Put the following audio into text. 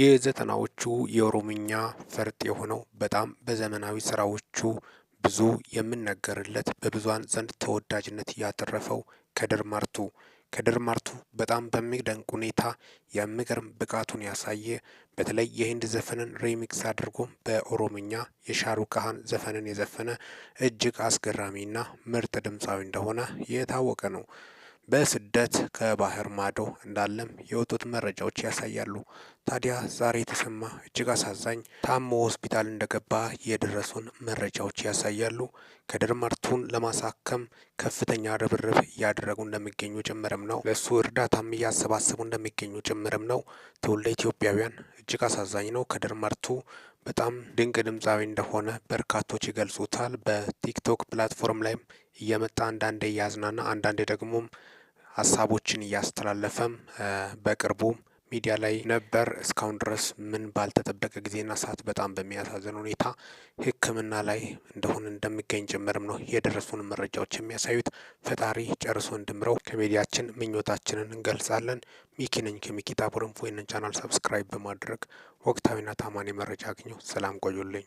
የዘጠናዎቹ የኦሮምኛ ፈርጥ የሆነው በጣም በዘመናዊ ስራዎቹ ብዙ የሚነገርለት በብዙሃን ዘንድ ተወዳጅነት ያተረፈው ከድር ማርቱ ከድር ማርቱ በጣም በሚደንቅ ሁኔታ የሚገርም ብቃቱን ያሳየ በተለይ የህንድ ዘፈንን ሪሚክስ አድርጎ በኦሮምኛ ካህን ዘፈንን የዘፈነ እጅግ አስገራሚና ምርጥ ድምፃዊ እንደሆነ የታወቀ ነው። በስደት ከባህር ማዶ እንዳለም የወጡት መረጃዎች ያሳያሉ። ታዲያ ዛሬ የተሰማ እጅግ አሳዛኝ ታሞ ሆስፒታል እንደገባ የደረሱን መረጃዎች ያሳያሉ። ከድር ለማሳከም ከፍተኛ ርብርብ እያደረጉ እንደሚገኙ ጭምርም ነው። ለእሱ እርዳታም እያሰባሰቡ እንደሚገኙ ጭምርም ነው። ትውልደ ኢትዮጵያውያን እጅግ አሳዛኝ ነው። ከድር መርቱ በጣም ድንቅ ድምፃዊ እንደሆነ በርካቶች ይገልጹታል። በቲክቶክ ፕላትፎርም ላይም እየመጣ አንዳንዴ እያዝናና አንዳንዴ ደግሞም ሀሳቦችን እያስተላለፈም በቅርቡ ሚዲያ ላይ ነበር። እስካሁን ድረስ ምን ባልተጠበቀ ጊዜና ሰዓት በጣም በሚያሳዝን ሁኔታ ሕክምና ላይ እንደሆነ እንደሚገኝ ጭምርም ነው የደረሱን መረጃዎች የሚያሳዩት። ፈጣሪ ጨርሶ እንድምረው ከሚዲያችን ምኞታችንን እንገልጻለን። ሚኪ ነኝ ከሚኪታ ቡርንፎ። ይህንን ቻናል ሰብስክራይብ በማድረግ ወቅታዊና ታማኝ መረጃ አግኘው። ሰላም ቆዩልኝ።